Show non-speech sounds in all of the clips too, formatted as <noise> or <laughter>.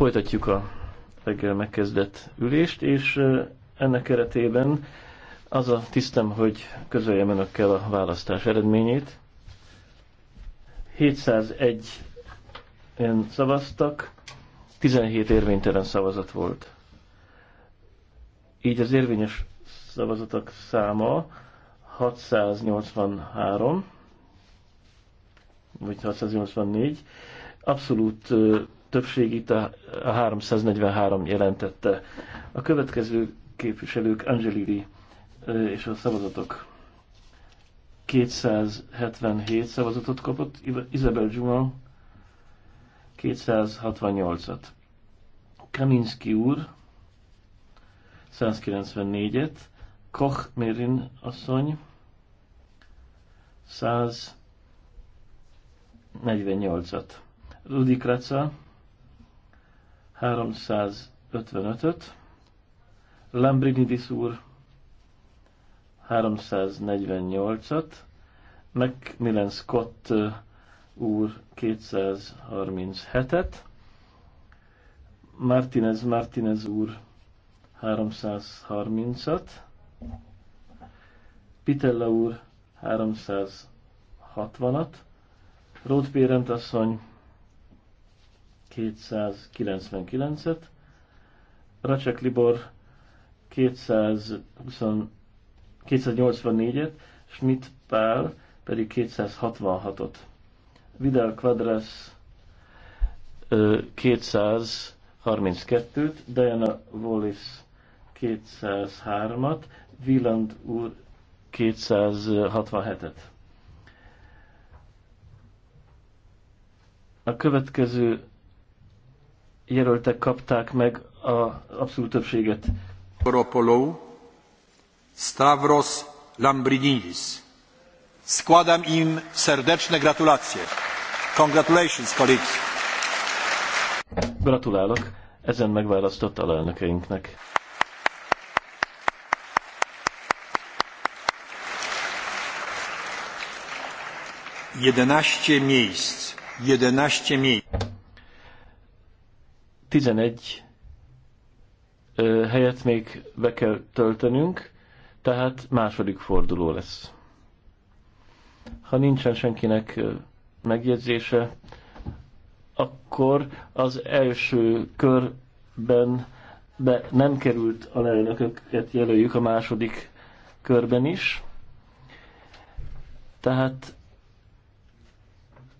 Folytatjuk a reggel megkezdett ülést, és ennek keretében az a tisztem, hogy közöljem önökkel a választás eredményét. 701 en szavaztak, 17 érvénytelen szavazat volt. Így az érvényes szavazatok száma 683, vagy 684, abszolút Többség itt a 343 jelentette. A következő képviselők Angelili és a szavazatok 277 szavazatot kapott, Isabel Juma 268-at. Kaminski úr 194-et, Koch Mérin asszony 148-at. Rudi Kraca 355-öt, Lambrinidis úr 348-at, Macmillan Scott úr 237-et, Martinez Martinez úr 330-at, Pitella úr 360-at, Rothbérent asszony 299-et, Racsek Libor 284-et, Schmidt Pál pedig 266-ot. Vidal Quadras 232-t, Diana Wallis 203-at, Wieland úr 267-et. A következő jelöltek kapták meg a abszolút többséget. Koropolou, Stavros Lambrinidis. Składam im serdeczne gratulacje. Congratulations, colleagues. Gratulálok ezen megválasztott lelnökeinknek. Jedenaście miejsc. Jedenaście miejsc. 11 helyet még be kell töltenünk, tehát második forduló lesz. Ha nincsen senkinek megjegyzése, akkor az első körben be nem került a lelnököket jelöljük a második körben is. Tehát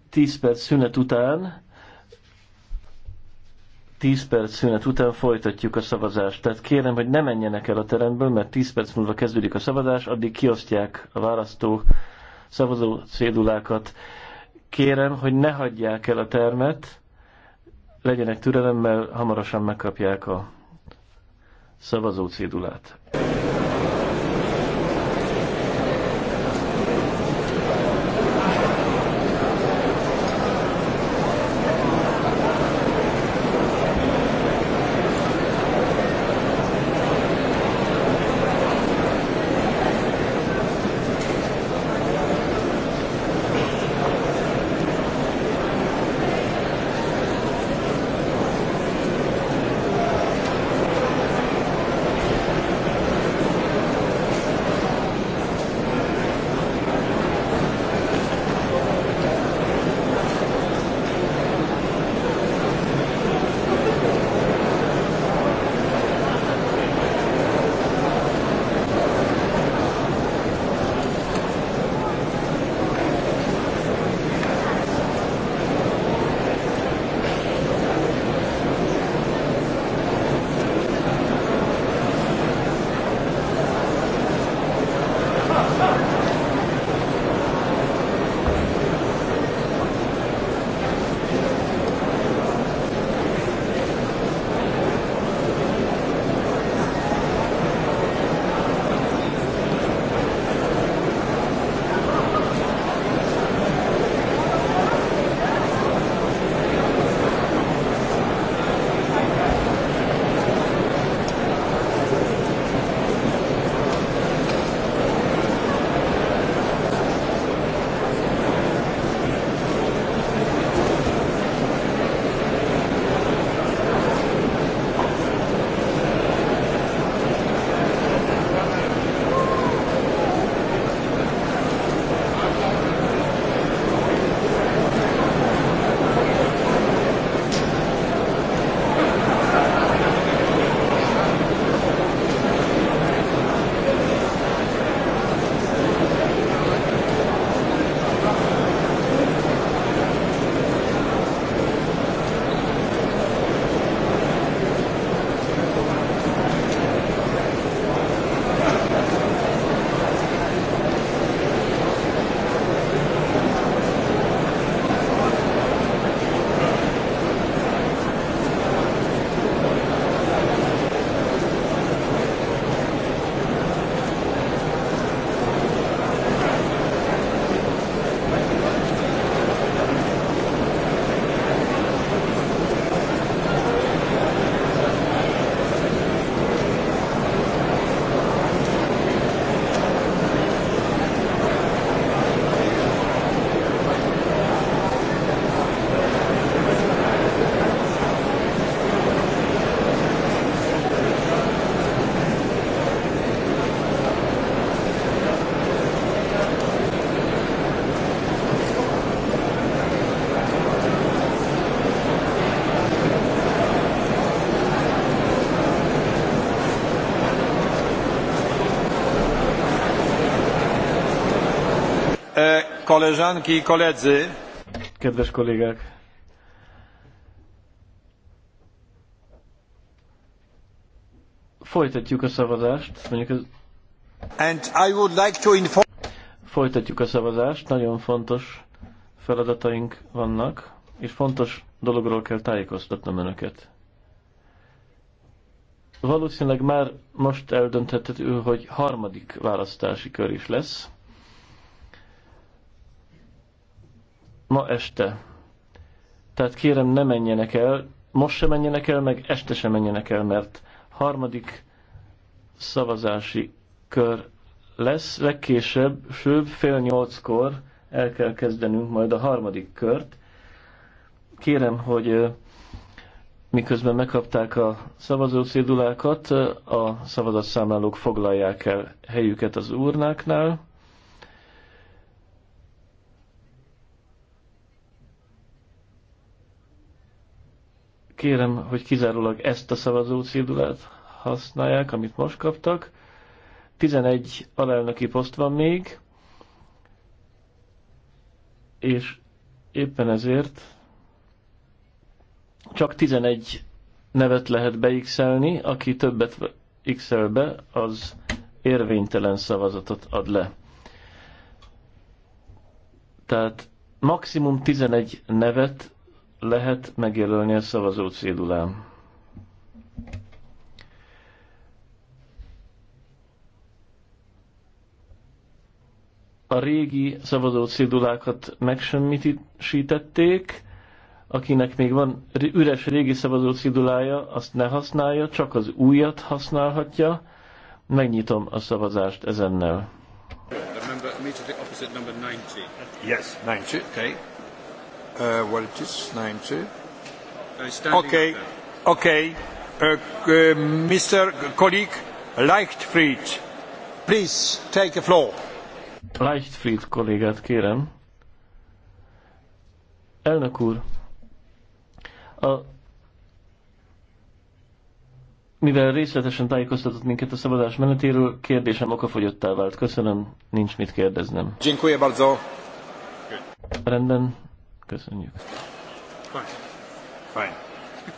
10 perc szünet után 10 perc szünet után folytatjuk a szavazást. Tehát kérem, hogy ne menjenek el a teremből, mert 10 perc múlva kezdődik a szavazás, addig kiosztják a választó szavazó cédulákat. Kérem, hogy ne hagyják el a termet, legyenek türelemmel, hamarosan megkapják a szavazó cédulát. Koleżanki i koledzy. Kedves kollégák. Folytatjuk a szavazást. Mondjuk ez... And I would like to inform... Folytatjuk a szavazást. Nagyon fontos feladataink vannak, és fontos dologról kell tájékoztatnom önöket. Valószínűleg már most eldönthető, hogy harmadik választási kör is lesz. ma este. Tehát kérem, ne menjenek el, most se menjenek el, meg este se menjenek el, mert harmadik szavazási kör lesz, legkésőbb, főbb, fél nyolckor el kell kezdenünk majd a harmadik kört. Kérem, hogy miközben megkapták a szavazószédulákat, a szavazatszámlálók foglalják el helyüket az urnáknál, kérem, hogy kizárólag ezt a szavazó cédulát használják, amit most kaptak. 11 alelnöki poszt van még, és éppen ezért csak 11 nevet lehet beixelni, aki többet x be, az érvénytelen szavazatot ad le. Tehát maximum 11 nevet lehet megjelölni a szavazó cédulán. A régi szavazó cédulákat megsemmisítették, akinek még van üres régi szavazó cédulája, azt ne használja, csak az újat használhatja. Megnyitom a szavazást ezennel. Member, meet the opposite number 90. Yes, 90. Okay. Uh, what it is? 90. Uh, okay. Okay. Uh, uh, Mr. Colleague Leichtfried, please take the floor. Leichtfried kollégát kérem. Elnök úr, a, mivel részletesen tájékoztatott minket a szabadás menetéről, kérdésem okafogyottá vált. Köszönöm, nincs mit kérdeznem. Dziękuję bardzo. Rendben. Köszönjük. Fine. Fine.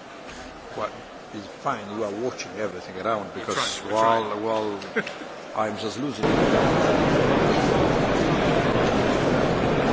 <laughs> What is fine, you are watching everything around because we're while, trying. while <laughs> I'm just losing.